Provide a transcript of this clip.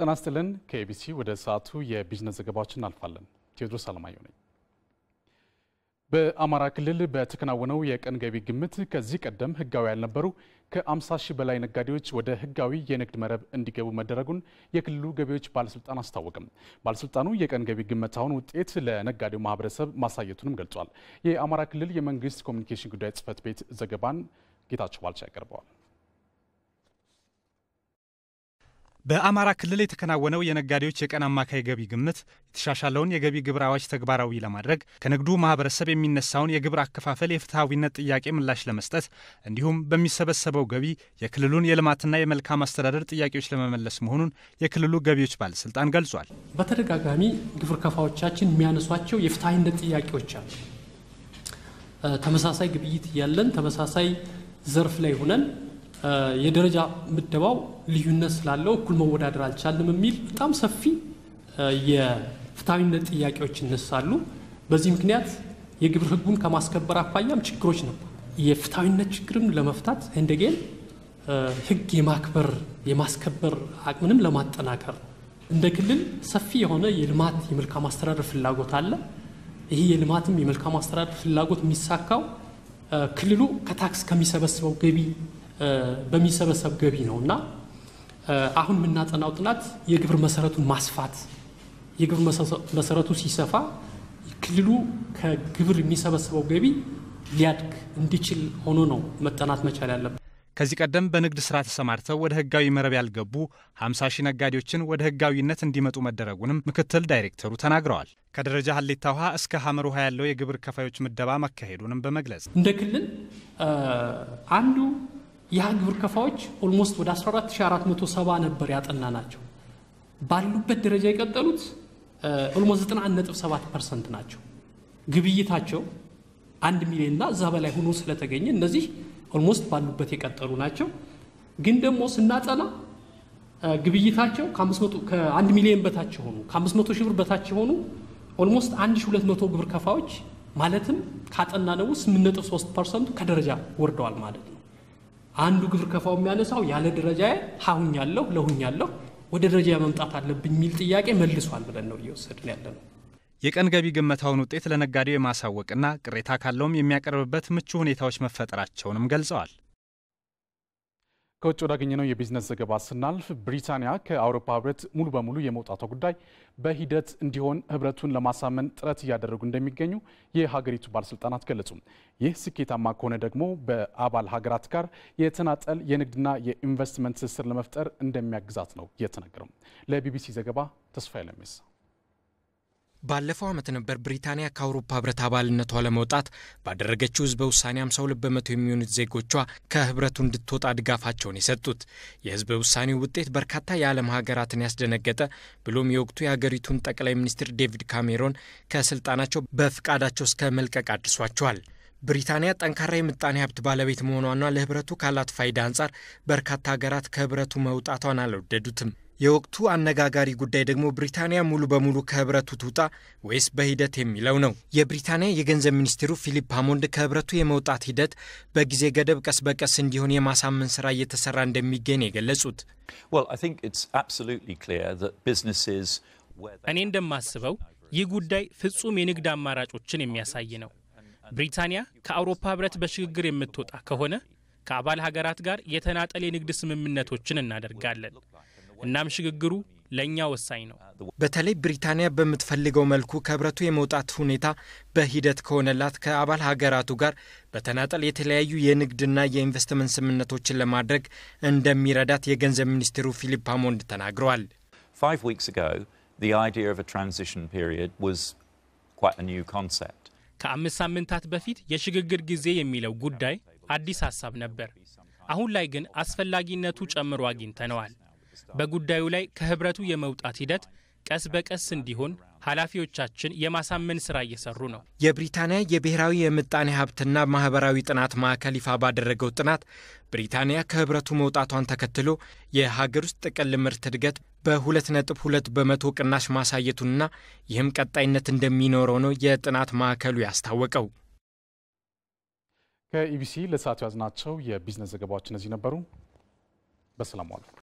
ጤና ይስጥልን። ከኤቢሲ ወደ ሰዓቱ የቢዝነስ ዘገባዎች እናልፋለን። ቴዎድሮስ አለማየሁ ነኝ። በአማራ ክልል በተከናወነው የቀን ገቢ ግምት ከዚህ ቀደም ህጋዊ ያልነበሩ ከ50 ሺህ በላይ ነጋዴዎች ወደ ህጋዊ የንግድ መረብ እንዲገቡ መደረጉን የክልሉ ገቢዎች ባለስልጣን አስታወቅም። ባለስልጣኑ የቀን ገቢ ግመታውን ውጤት ለነጋዴው ማህበረሰብ ማሳየቱንም ገልጿል። የአማራ ክልል የመንግስት ኮሚኒኬሽን ጉዳይ ጽህፈት ቤት ዘገባን ጌታቸው ባልቻ ያቀርበዋል። በአማራ ክልል የተከናወነው የነጋዴዎች የቀን አማካይ ገቢ ግምት የተሻሻለውን የገቢ ግብር አዋጅ ተግባራዊ ለማድረግ ከንግዱ ማህበረሰብ የሚነሳውን የግብር አከፋፈል የፍትሐዊነት ጥያቄ ምላሽ ለመስጠት እንዲሁም በሚሰበሰበው ገቢ የክልሉን የልማትና የመልካም አስተዳደር ጥያቄዎች ለመመለስ መሆኑን የክልሉ ገቢዎች ባለስልጣን ገልጿል። በተደጋጋሚ ግብር ከፋዎቻችን የሚያነሷቸው የፍትሐዊነት ጥያቄዎች አሉ። ተመሳሳይ ግብይት እያለን ተመሳሳይ ዘርፍ ላይ ሆነን የደረጃ ምደባው ልዩነት ስላለው እኩል መወዳደር አልቻለም የሚል በጣም ሰፊ የፍትሐዊነት ጥያቄዎች ይነሳሉ። በዚህ ምክንያት የግብር ህጉን ከማስከበር አኳያም ችግሮች ነው። የፍትሐዊነት ችግርም ለመፍታት እንደጌን ህግ የማክበር የማስከበር አቅምንም ለማጠናከር እንደ ክልል ሰፊ የሆነ የልማት የመልካም አስተዳደር ፍላጎት አለ። ይህ የልማትም የመልካም አስተዳደር ፍላጎት የሚሳካው ክልሉ ከታክስ ከሚሰበስበው ገቢ በሚሰበሰብ ገቢ ነው እና አሁን የምናጠናው ጥናት የግብር መሰረቱን ማስፋት የግብር መሰረቱ ሲሰፋ ክልሉ ከግብር የሚሰበሰበው ገቢ ሊያድግ እንዲችል ሆኖ ነው መጠናት መቻል ያለበት። ከዚህ ቀደም በንግድ ስራ ተሰማርተው ወደ ህጋዊ መረብ ያልገቡ 50 ሺህ ነጋዴዎችን ወደ ህጋዊነት እንዲመጡ መደረጉንም ምክትል ዳይሬክተሩ ተናግረዋል። ከደረጃ ሀሌታ ውሃ እስከ ሀመር ውሃ ያለው የግብር ከፋዮች ምደባ መካሄዱንም በመግለጽ እንደ ክልል አንዱ ያ ግብር ከፋዎች ኦልሞስት ወደ 14470 ነበር ያጠና ናቸው። ባሉበት ደረጃ የቀጠሉት ኦልሞስት 91.7 ናቸው። ግብይታቸው አንድ ሚሊዮን እና እዛ በላይ ሆኖ ስለተገኘ እነዚህ ኦልሞስት ባሉበት የቀጠሉ ናቸው። ግን ደግሞ ስናጠና ግብይታቸው ከአንድ ሚሊዮን በታች የሆኑ ከ500 ሺህ ብር በታች የሆኑ ኦልሞስት 1200 ግብር ከፋዎች ማለትም ነው 8.3 ከደረጃ ወርደዋል ማለት ነው። አንዱ ግብር ከፋው የሚያነሳው ያለ ደረጃዬ ሀሁኛለሁ ለሁኛለሁ ወደ ደረጃ መምጣት አለብኝ የሚል ጥያቄ መልሷል ብለን ነው እየወሰድን ያለ ነው። የቀን ገቢ ግመታውን ውጤት ለነጋዴው የማሳወቅና ቅሬታ ካለውም የሚያቀርብበት ምቹ ሁኔታዎች መፈጠራቸውንም ገልጸዋል። ከውጭ ወዳገኘነው የቢዝነስ ዘገባ ስናልፍ ብሪታንያ ከአውሮፓ ህብረት ሙሉ በሙሉ የመውጣቷ ጉዳይ በሂደት እንዲሆን ህብረቱን ለማሳመን ጥረት እያደረጉ እንደሚገኙ የሀገሪቱ ባለስልጣናት ገለጹ። ይህ ስኬታማ ከሆነ ደግሞ በአባል ሀገራት ጋር የተናጠል የንግድና የኢንቨስትመንት ትስስር ለመፍጠር እንደሚያግዛት ነው የተነገረው። ለቢቢሲ ዘገባ ተስፋዬ ለሜሳ ባለፈው ዓመት ነበር ብሪታንያ ከአውሮፓ ህብረት አባልነቷ ለመውጣት ባደረገችው ህዝበ ውሳኔ 52 በመቶ የሚሆኑት ዜጎቿ ከህብረቱ እንድትወጣ ድጋፋቸውን የሰጡት። የህዝበ ውሳኔው ውጤት በርካታ የዓለም ሀገራትን ያስደነገጠ ብሎም የወቅቱ የአገሪቱን ጠቅላይ ሚኒስትር ዴቪድ ካሜሮን ከስልጣናቸው በፍቃዳቸው እስከ መልቀቅ አድርሷቸዋል። ብሪታንያ ጠንካራ የምጣኔ ሀብት ባለቤት መሆኗና ለህብረቱ ካላት ፋይዳ አንጻር በርካታ ሀገራት ከህብረቱ መውጣቷን አልወደዱትም። የወቅቱ አነጋጋሪ ጉዳይ ደግሞ ብሪታንያ ሙሉ በሙሉ ከህብረቱ ትውጣ ወይስ በሂደት የሚለው ነው። የብሪታንያ የገንዘብ ሚኒስትሩ ፊሊፕ ሃሞንድ ከህብረቱ የመውጣት ሂደት በጊዜ ገደብ ቀስ በቀስ እንዲሆን የማሳመን ስራ እየተሰራ እንደሚገኝ የገለጹት እኔ እንደማስበው ይህ ጉዳይ ፍጹም የንግድ አማራጮችን የሚያሳይ ነው። ብሪታንያ ከአውሮፓ ህብረት በሽግግር የምትወጣ ከሆነ ከአባል ሀገራት ጋር የተናጠል የንግድ ስምምነቶችን እናደርጋለን። እናም ሽግግሩ ለእኛ ወሳኝ ነው። በተለይ ብሪታንያ በምትፈልገው መልኩ ከህብረቱ የመውጣት ሁኔታ በሂደት ከሆነላት ከአባል ሀገራቱ ጋር በተናጠል የተለያዩ የንግድና የኢንቨስትመንት ስምምነቶችን ለማድረግ እንደሚረዳት የገንዘብ ሚኒስትሩ ፊሊፕ ሀሞንድ ተናግረዋል። ከአምስት ሳምንታት በፊት የሽግግር ጊዜ የሚለው ጉዳይ አዲስ ሀሳብ ነበር። አሁን ላይ ግን አስፈላጊነቱ ጨምሮ አግኝተነዋል። በጉዳዩ ላይ ከህብረቱ የመውጣት ሂደት ቀስ በቀስ እንዲሆን ኃላፊዎቻችን የማሳመን ስራ እየሰሩ ነው። የብሪታንያ የብሔራዊ የምጣኔ ሀብትና ማህበራዊ ጥናት ማዕከል ይፋ ባደረገው ጥናት ብሪታንያ ከህብረቱ መውጣቷን ተከትሎ የሀገር ውስጥ ጥቅል ምርት እድገት በ 22 በመቶ ቅናሽ ማሳየቱንና ይህም ቀጣይነት እንደሚኖረው ነው የጥናት ማዕከሉ ያስታወቀው። ከኢቢሲ ለሰዓቱ ያዝናቸው የቢዝነስ ዘገባዎች እነዚህ ነበሩ። በሰላም ዋሉ።